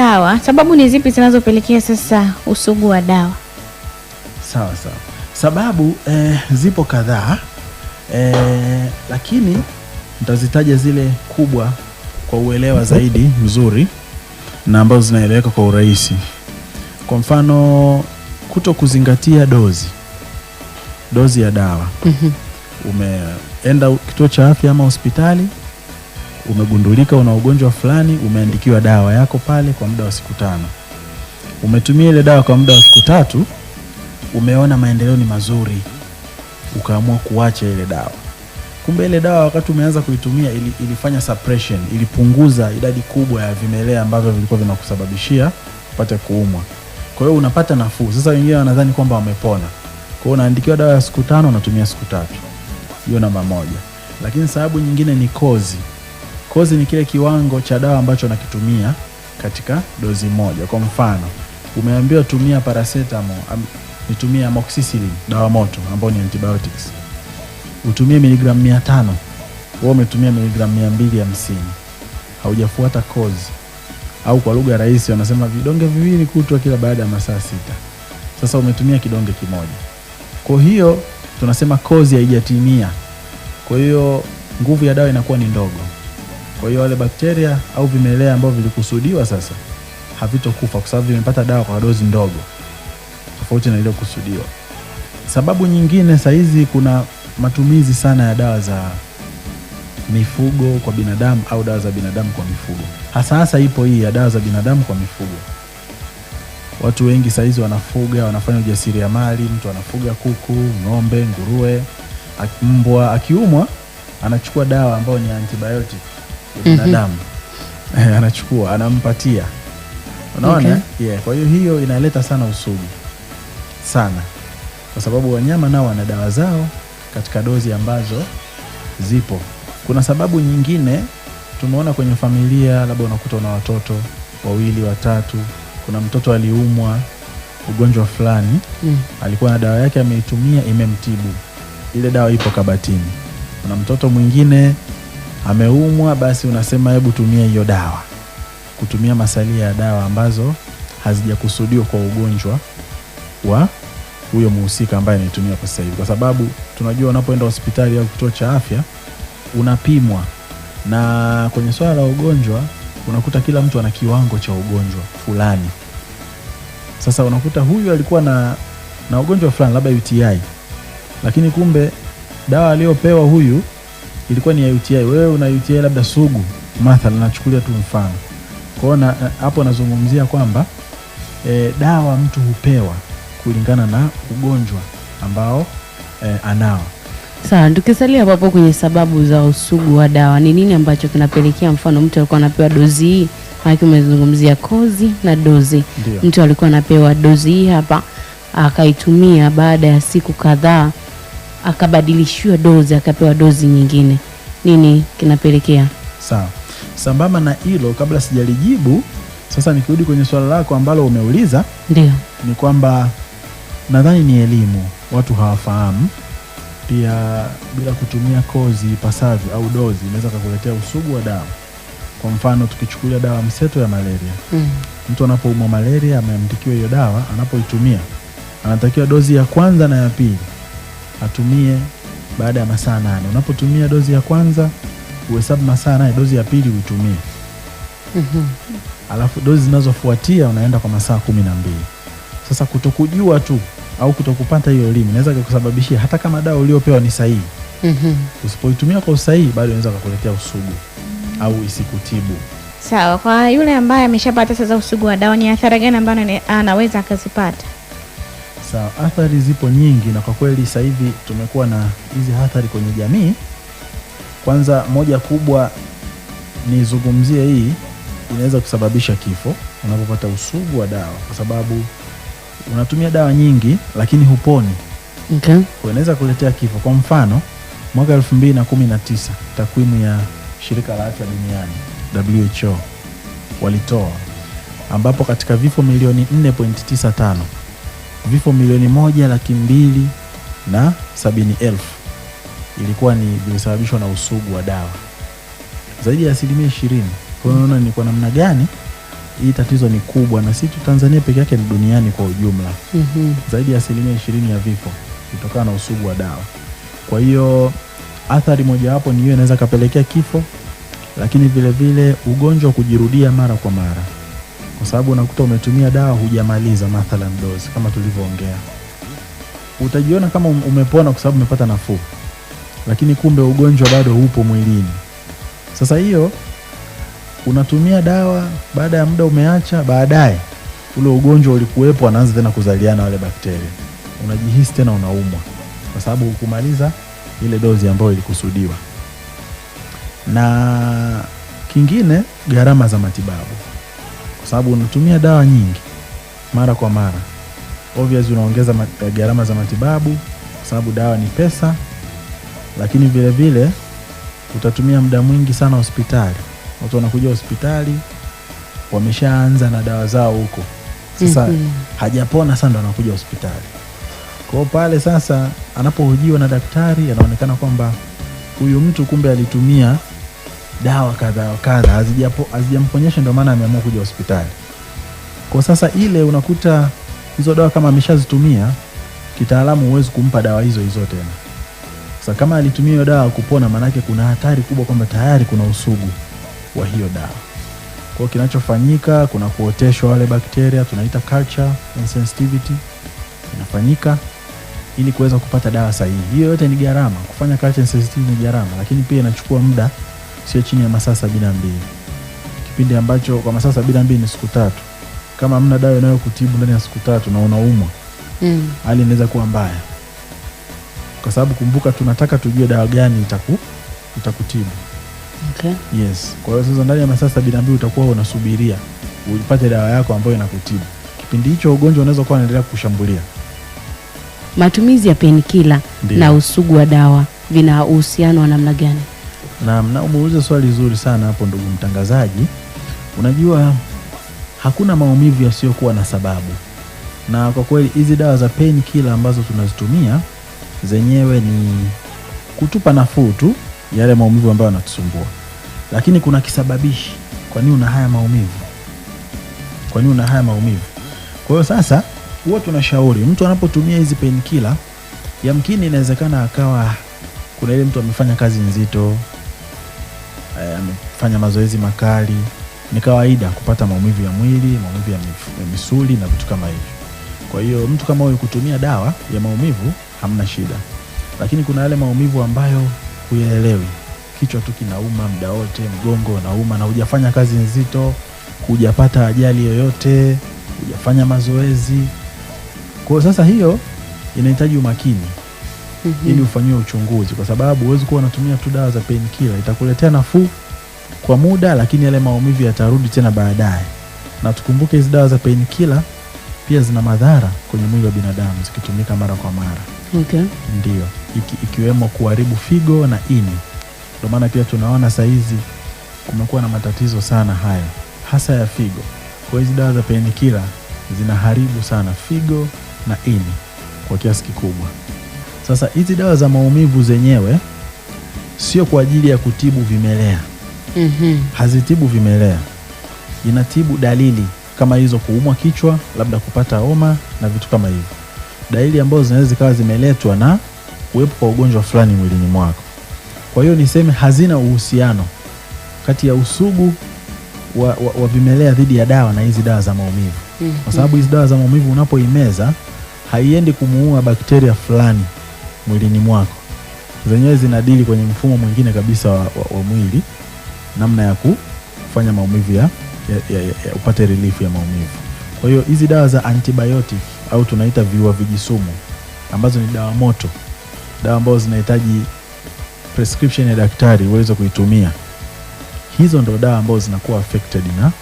Sawa, sababu ni zipi zinazopelekea sasa usugu wa dawa? Sawa sawa, sababu eh, zipo kadhaa eh, lakini nitazitaja zile kubwa kwa uelewa zaidi mzuri na ambazo zinaeleweka kwa urahisi. Kwa mfano, kuto kuzingatia dozi dozi ya dawa mm -hmm. Umeenda kituo cha afya ama hospitali umegundulika una ugonjwa fulani, umeandikiwa dawa yako pale kwa muda wa siku tano, umetumia ile dawa kwa muda wa siku tatu, umeona maendeleo ni mazuri, ukaamua kuacha ile dawa. Kumbe ile dawa wakati umeanza kuitumia ili, ilifanya suppression, ilipunguza idadi kubwa ya vimelea ambavyo vilikuwa vinakusababishia upate kuumwa. Kwa hiyo unapata nafuu. Sasa wengine wanadhani kwamba wamepona. Kwa hiyo unaandikiwa dawa ya siku tano, unatumia siku tatu. Hiyo namba moja, lakini sababu nyingine ni kozi. Kozi ni kile kiwango cha dawa ambacho nakitumia katika dozi moja. Kwa mfano, umeambiwa tumia paracetamol, nitumie amoxicillin, dawa moto ambayo ni antibiotics, utumie miligramu mia tano wewe umetumia miligramu mia mbili hamsini haujafuata kozi, au kwa lugha rahisi wanasema vidonge viwili kutwa kila baada ya masaa sita. Sasa umetumia kidonge kimoja, kwa hiyo tunasema kozi haijatimia, kwa hiyo nguvu ya dawa inakuwa ni ndogo. Kwa hiyo wale bakteria au vimelea ambao vilikusudiwa sasa havitokufa kwa sababu vimepata dawa kwa dozi ndogo tofauti na kusudiwa. Sababu nyingine, sahizi kuna matumizi sana ya dawa za mifugo kwa binadamu au dawa za binadamu kwa mifugo. Hasa hasa ipo hii ya dawa za binadamu kwa mifugo. Watu wengi saizi wanafuga, wanafanya ujasiriamali, mtu anafuga kuku, ng'ombe, nguruwe, mbwa. Akiumwa anachukua dawa ambayo ni antibiotic binadamu mm -hmm. anachukua anampatia, unaona okay. yeah. kwa hiyo hiyo inaleta sana usugu sana, kwa sababu wanyama nao wana dawa zao katika dozi ambazo zipo. Kuna sababu nyingine tumeona kwenye familia, labda unakuta una watoto wawili watatu, kuna mtoto aliumwa ugonjwa fulani mm. alikuwa na dawa yake ameitumia, imemtibu, ile dawa ipo kabatini. Kuna mtoto mwingine ameumwa, basi unasema hebu tumia hiyo dawa, kutumia masalia ya dawa ambazo hazijakusudiwa kwa ugonjwa wa huyo mhusika ambaye anaitumia kwa sasa hivi, kwa sababu tunajua unapoenda hospitali au kituo cha afya unapimwa, na kwenye swala la ugonjwa unakuta kila mtu ana kiwango cha ugonjwa fulani. Sasa unakuta huyu alikuwa na, na ugonjwa fulani labda UTI, lakini kumbe dawa aliyopewa huyu ilikuwa ni ya UTI, wewe una UTI labda sugu, mathala nachukulia tu mfano. Kwa eh, hapo nazungumzia kwamba e, dawa mtu hupewa kulingana na ugonjwa ambao e, anao. Sawa, tukisalia hapo kwenye sababu za usugu wa dawa, ni nini ambacho kinapelekea, mfano mtu alikuwa anapewa dozi hii, maanake umezungumzia kozi na dozi. Ndiyo. Mtu alikuwa anapewa dozi hii hapa akaitumia, baada ya siku kadhaa akabadilishiwa dozi akapewa dozi nyingine. Nini kinapelekea? Sawa, sambamba na hilo, kabla sijalijibu sasa, nikirudi kwenye swala lako ambalo umeuliza, ndio ni kwamba nadhani ni elimu, watu hawafahamu pia. Bila kutumia kozi ipasavyo au dozi, inaweza kakuletea usugu wa dawa Kwa mfano tukichukulia dawa mseto ya malaria mm. Mtu anapoumwa malaria ameandikiwa hiyo dawa, anapoitumia anatakiwa dozi ya kwanza na ya pili atumie baada ya masaa nane. Unapotumia dozi ya kwanza uhesabu masaa nane, dozi ya pili uitumie. mm -hmm. Alafu dozi zinazofuatia unaenda kwa masaa kumi na mbili. Sasa kutokujua tu au kutokupata hiyo elimu inaweza kukusababishia hata kama dawa uliopewa ni sahihi. mm -hmm. Usipoitumia kwa usahihi, bado inaweza kukuletea usugu mm -hmm. au isikutibu. Sawa, kwa yule ambaye ameshapata sasa usugu wa dawa, ni athari gani ambayo anaweza akazipata? Sawa, athari zipo nyingi, na kwa kweli sasa hivi tumekuwa na hizi athari kwenye jamii. Kwanza, moja kubwa nizungumzie hii, inaweza kusababisha kifo unapopata usugu wa dawa, kwa sababu unatumia dawa nyingi lakini huponi. Okay. Unaweza kuletea kifo. Kwa mfano, mwaka 2019 takwimu ya shirika la afya duniani WHO walitoa ambapo katika vifo milioni 4.95 vifo milioni moja laki mbili na sabini elfu ilikuwa ni vilisababishwa na usugu wa dawa zaidi ya asilimia ishirini. Kwa hiyo ni kwa namna gani hii tatizo ni kubwa, na si tu Tanzania peke yake, ni duniani kwa ujumla. mm -hmm. Zaidi ya asilimia ishirini ya vifo kutokana na usugu wa dawa. Kwa hiyo athari mojawapo ni hiyo, inaweza kapelekea kifo, lakini vilevile ugonjwa kujirudia mara kwa mara kwa sababu unakuta umetumia dawa hujamaliza mathalan dozi kama tulivyoongea, utajiona kama um-, umepona kwa sababu umepata nafuu, lakini kumbe ugonjwa bado upo mwilini. Sasa hiyo unatumia dawa, baada ya muda umeacha, baadaye ule ugonjwa ulikuwepo, anaanza tena kuzaliana wale bakteria, unajihisi tena unaumwa kwa sababu hukumaliza ile dozi ambayo ilikusudiwa. Na kingine, gharama za matibabu kwa sababu unatumia dawa nyingi mara kwa mara. Obviously unaongeza eh, gharama za matibabu kwa sababu dawa ni pesa, lakini vile vile utatumia muda mwingi sana hospitali. Watu wanakuja hospitali wameshaanza na dawa zao huko, sasa mm -hmm. hajapona sana, ndo anakuja hospitali kwao pale. Sasa anapohojiwa na daktari, anaonekana kwamba huyu mtu kumbe alitumia dawa kadha wa kadha hazijamponyesha, ndio maana ameamua kuja hospitali. Kwa sasa ile unakuta hizo dawa kama ameshazitumia kitaalamu, huwezi kumpa dawa hizo hizo tena. Sasa kama alitumia hiyo dawa kupona, maanake kuna hatari kubwa kwamba tayari kuna usugu wa hiyo dawa. Kwa hiyo kinachofanyika, kuna kuoteshwa wale bakteria, tunaita culture insensitivity inafanyika ili kuweza kupata dawa sahihi. Hiyo yote ni gharama, kufanya culture insensitivity ni gharama, lakini pia inachukua muda sio chini ya masaa sabini na mbili kipindi ambacho kwa masaa sabini na mbili ni siku tatu. Kama mna dawa inayokutibu ndani ya siku tatu na unaumwa mm, hali inaweza kuwa mbaya, kwa sababu kumbuka, tunataka tujue dawa gani itaku itakutibu okay. Yes, kwa hiyo sasa ndani ya masaa sabini na mbili utakuwa unasubiria upate dawa yako ambayo inakutibu. Kipindi hicho ugonjwa unaweza kuwa unaendelea kushambulia Matumizi ya penikila na usugu wa dawa vina uhusiano wa namna gani? Naam, na umeuliza swali zuri sana hapo ndugu mtangazaji. Unajua hakuna maumivu yasiyokuwa na sababu, na kwa kweli hizi dawa za pain killer ambazo tunazitumia zenyewe ni kutupa nafuu tu yale maumivu ambayo yanatusumbua, lakini kuna kisababishi. Kwa nini una haya maumivu? Kwa nini una haya maumivu? Kwa hiyo sasa, huwa tunashauri mtu anapotumia hizi pain killer, yamkini inawezekana akawa kuna ile mtu amefanya kazi nzito Eh, amefanya mazoezi makali. Ni kawaida kupata maumivu ya mwili, maumivu ya misuli na vitu kama hivyo. Kwa hiyo mtu kama huyo kutumia dawa ya maumivu hamna shida, lakini kuna yale maumivu ambayo huyaelewi. Kichwa tu kinauma muda wote, mgongo unauma na hujafanya kazi nzito, hujapata ajali yoyote, hujafanya mazoezi. Kwa sasa hiyo inahitaji umakini mm -hmm. ili ufanyiwe uchunguzi, kwa sababu huwezi kuwa unatumia tu dawa za killer Itakuletea nafuu kwa muda, lakini yale maumivu yatarudi tena baadaye, na tukumbuke hizi dawa za killer pia zina madhara kwenye mwili wa binadamu zikitumika mara kwa mara. Okay. Ndio iki, ikiwemo kuharibu figo na ini. Ndio maana pia tunaona sahizi kumekuwa na matatizo sana haya hasa ya figo. Kwa hizi dawa za killer zinaharibu sana figo na ini kwa kiasi kikubwa. Sasa hizi dawa za maumivu zenyewe sio kwa ajili ya kutibu vimelea mm -hmm. hazitibu vimelea, inatibu dalili kama hizo, kuumwa kichwa, labda kupata homa na vitu kama hivyo, dalili ambazo zinaweza zikawa zimeletwa na kuwepo kwa ugonjwa fulani mwilini mwako. Kwa hiyo niseme hazina uhusiano kati ya usugu wa, wa, wa vimelea dhidi ya dawa na hizi dawa za maumivu mm -hmm. kwa mhm. sababu hizi dawa za maumivu unapoimeza haiendi kumuua bakteria fulani mwilini mwako, zenyewe zinadili kwenye mfumo mwingine kabisa wa, wa, wa mwili, namna ya kufanya maumivu ya, ya, ya, ya upate relief ya maumivu. Kwa hiyo hizi dawa za antibiotic au tunaita viua vijisumu ambazo ni dawa moto, dawa ambazo zinahitaji prescription ya daktari uweze kuitumia, hizo ndo dawa ambazo zinakuwa affected na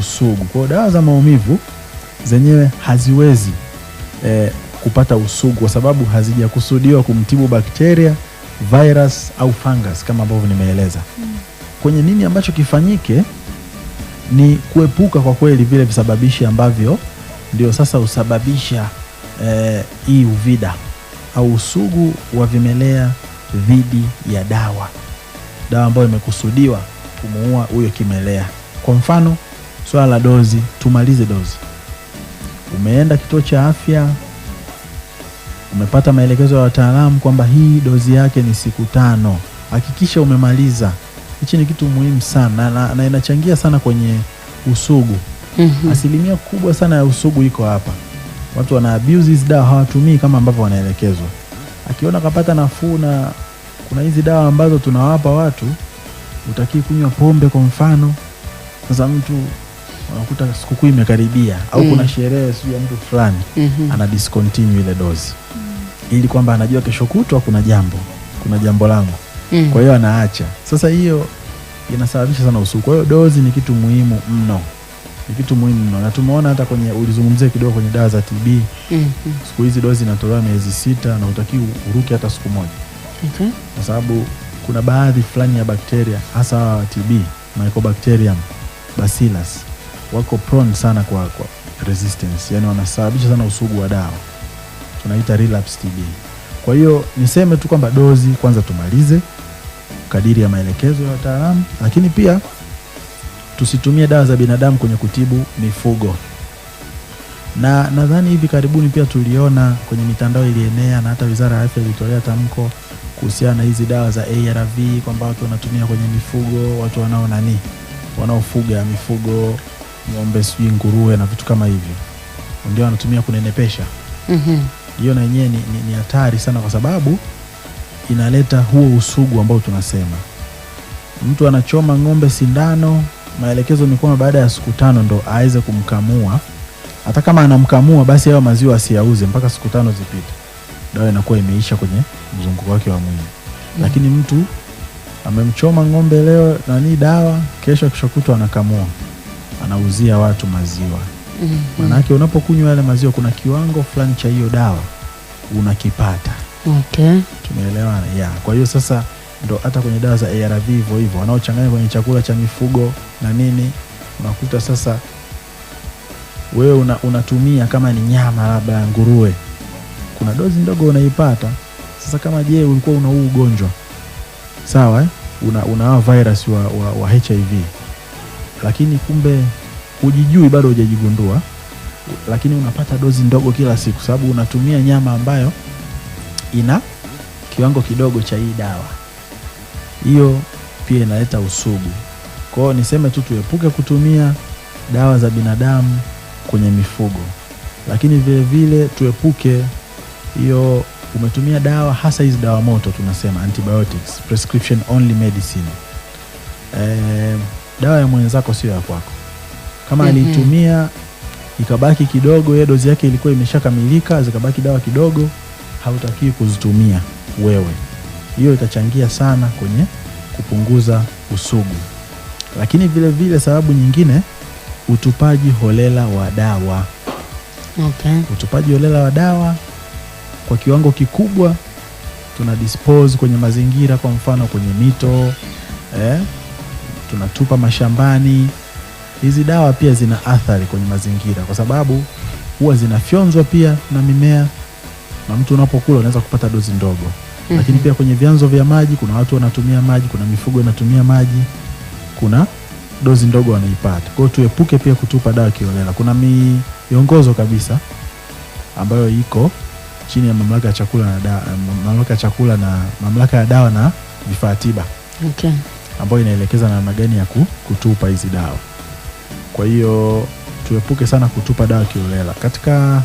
usugu. Kwa dawa za maumivu zenyewe haziwezi eh, kupata usugu, kwa sababu hazijakusudiwa kumtibu bakteria, virus au fungus kama ambavyo nimeeleza. Mm. Kwenye nini ambacho kifanyike ni kuepuka kwa kweli vile visababishi ambavyo ndio sasa husababisha eh, hii eh, uvida au usugu wa vimelea dhidi ya dawa, dawa ambayo imekusudiwa kumuua huyo kimelea. Kwa mfano swala la dozi, tumalize dozi. Umeenda kituo cha afya Umepata maelekezo ya wataalamu kwamba hii dozi yake ni siku tano, hakikisha umemaliza. Hichi ni kitu muhimu sana na, na inachangia sana kwenye usugu mm -hmm. Asilimia kubwa sana ya usugu iko hapa. Watu wana abuse hizi dawa, hawatumii kama ambavyo wanaelekezwa. Akiona kapata nafuu, na kuna hizi dawa ambazo tunawapa watu, utakii kunywa pombe kwa mfano. Sasa mtu unakuta sikukuu imekaribia au mm. kuna sherehe sijui ya mtu fulani mm -hmm. ana discontinue ile dozi mm. ili kwamba anajua kesho kutwa kuna jambo kuna jambo langu mm. kwa hiyo anaacha. Sasa hiyo inasababisha sana usugu. Kwa hiyo dozi ni kitu muhimu mno, ni kitu muhimu mno, na tumeona hata kwenye ulizungumzia kidogo kwenye dawa za TB mm -hmm. siku hizi dozi inatolewa miezi sita na utaki uruke hata siku moja okay. kwa sababu kuna baadhi fulani ya bakteria hasa wa TB Mycobacterium bacillus wako prone sana kwa, kwa resistance, yani wanasababisha sana usugu wa dawa, tunaita relapse TB. Kwa hiyo niseme tu kwamba dozi kwanza tumalize kadiri ya maelekezo ya wataalamu, lakini pia tusitumie dawa za binadamu kwenye kutibu mifugo na nadhani hivi karibuni pia tuliona kwenye mitandao ilienea, na hata Wizara ya Afya ilitolea tamko kuhusiana na hizi dawa za ARV kwamba watu wanatumia kwenye mifugo, watu wanao nani, wanaofuga mifugo ng'ombe, sijui nguruwe na vitu kama hivyo, ndio wanatumia kunenepesha. mm hiyo -hmm. na yenyewe ni hatari sana, kwa sababu inaleta huo usugu ambao tunasema mtu anachoma ng'ombe sindano, maelekezo ni kwamba baada ya siku tano ndo aweze kumkamua. Hata kama anamkamua, basi hayo maziwa asiyauze mpaka siku tano zipite, dawa inakuwa imeisha kwenye mzunguko wake wa mwili mm. Lakini mtu amemchoma ng'ombe leo nani dawa, kesho keshokutwa anakamua anauzia watu maziwa mm -hmm. Unapokunywa yale maziwa kuna kiwango fulani cha hiyo dawa unakipata. Okay. Tumeelewana ya. Kwa hiyo sasa ndo hata kwenye dawa za ARV hivo hivo wanaochanganya kwenye chakula cha mifugo na nini, unakuta sasa wewe una, unatumia kama ni nyama labda ya ngurue kuna dozi ndogo unaipata. Sasa kama je, ulikuwa una huu ugonjwa sawa, eh? una, una virus wa, wa, wa HIV lakini kumbe hujijui bado hujajigundua, lakini unapata dozi ndogo kila siku, sababu unatumia nyama ambayo ina kiwango kidogo cha hii dawa. Hiyo pia inaleta usugu. Kwa hiyo niseme tu tuepuke kutumia dawa za binadamu kwenye mifugo, lakini vile vile tuepuke hiyo umetumia dawa hasa hizi dawa moto tunasema antibiotics, prescription only medicine. E, dawa ya mwenzako sio ya kwako kama mm -hmm. aliitumia ikabaki kidogo, ye dozi yake ilikuwa imeshakamilika, zikabaki dawa kidogo, hautakii kuzitumia wewe. Hiyo itachangia sana kwenye kupunguza usugu. Lakini vile vile sababu nyingine, utupaji holela wa dawa okay. Utupaji holela wa dawa kwa kiwango kikubwa tuna dispose kwenye mazingira, kwa mfano kwenye mito eh, tunatupa mashambani Hizi dawa pia zina athari kwenye mazingira, kwa sababu huwa zinafyonzwa pia na mimea, na mtu unapokula unaweza kupata dozi ndogo mm -hmm. Lakini pia kwenye vyanzo vya maji, kuna watu wanatumia maji, kuna mifugo inatumia maji, kuna dozi ndogo wanaipata. Kwa hiyo tuepuke pia kutupa dawa kiolela. Kuna miongozo kabisa ambayo iko chini ya mamlaka ya chakula na dawa, mamlaka ya chakula na mamlaka ya dawa na vifaa tiba okay, ambayo inaelekeza namna gani ya kutupa hizi dawa. Kwa hiyo tuepuke sana kutupa dawa kiolela. Katika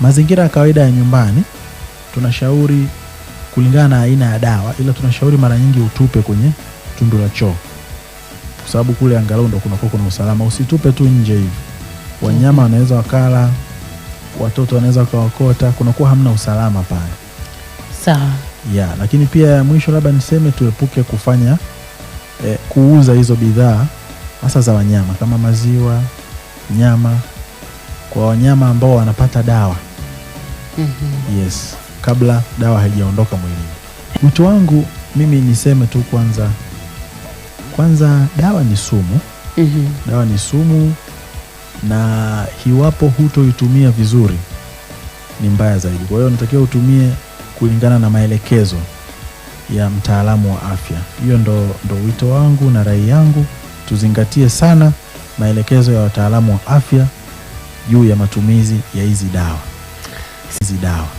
mazingira ya kawaida ya nyumbani, tunashauri kulingana na aina ya dawa, ila tunashauri mara nyingi utupe kwenye tundu la choo, kwa sababu kule angalau ndo kunakuwa kuna usalama. Usitupe tu nje hivi, wanyama wanaweza wakala, watoto wanaweza wakawakota, kunakuwa hamna usalama pale. Sawa. Ya, lakini pia mwisho labda niseme tuepuke kufanya eh, kuuza hizo bidhaa hasa za wanyama kama maziwa, nyama, kwa wanyama ambao wanapata dawa mm -hmm. Yes, kabla dawa haijaondoka mwilini. Wito wangu mimi niseme tu kwanza, kwanza dawa ni sumu mm -hmm. Dawa ni sumu na iwapo hutoitumia vizuri ni mbaya zaidi. Kwa hiyo unatakiwa utumie kulingana na maelekezo ya mtaalamu wa afya. Hiyo ndo, ndo wito wangu na rai yangu tuzingatie sana maelekezo ya wataalamu wa afya juu ya matumizi ya hizi dawa hizi dawa.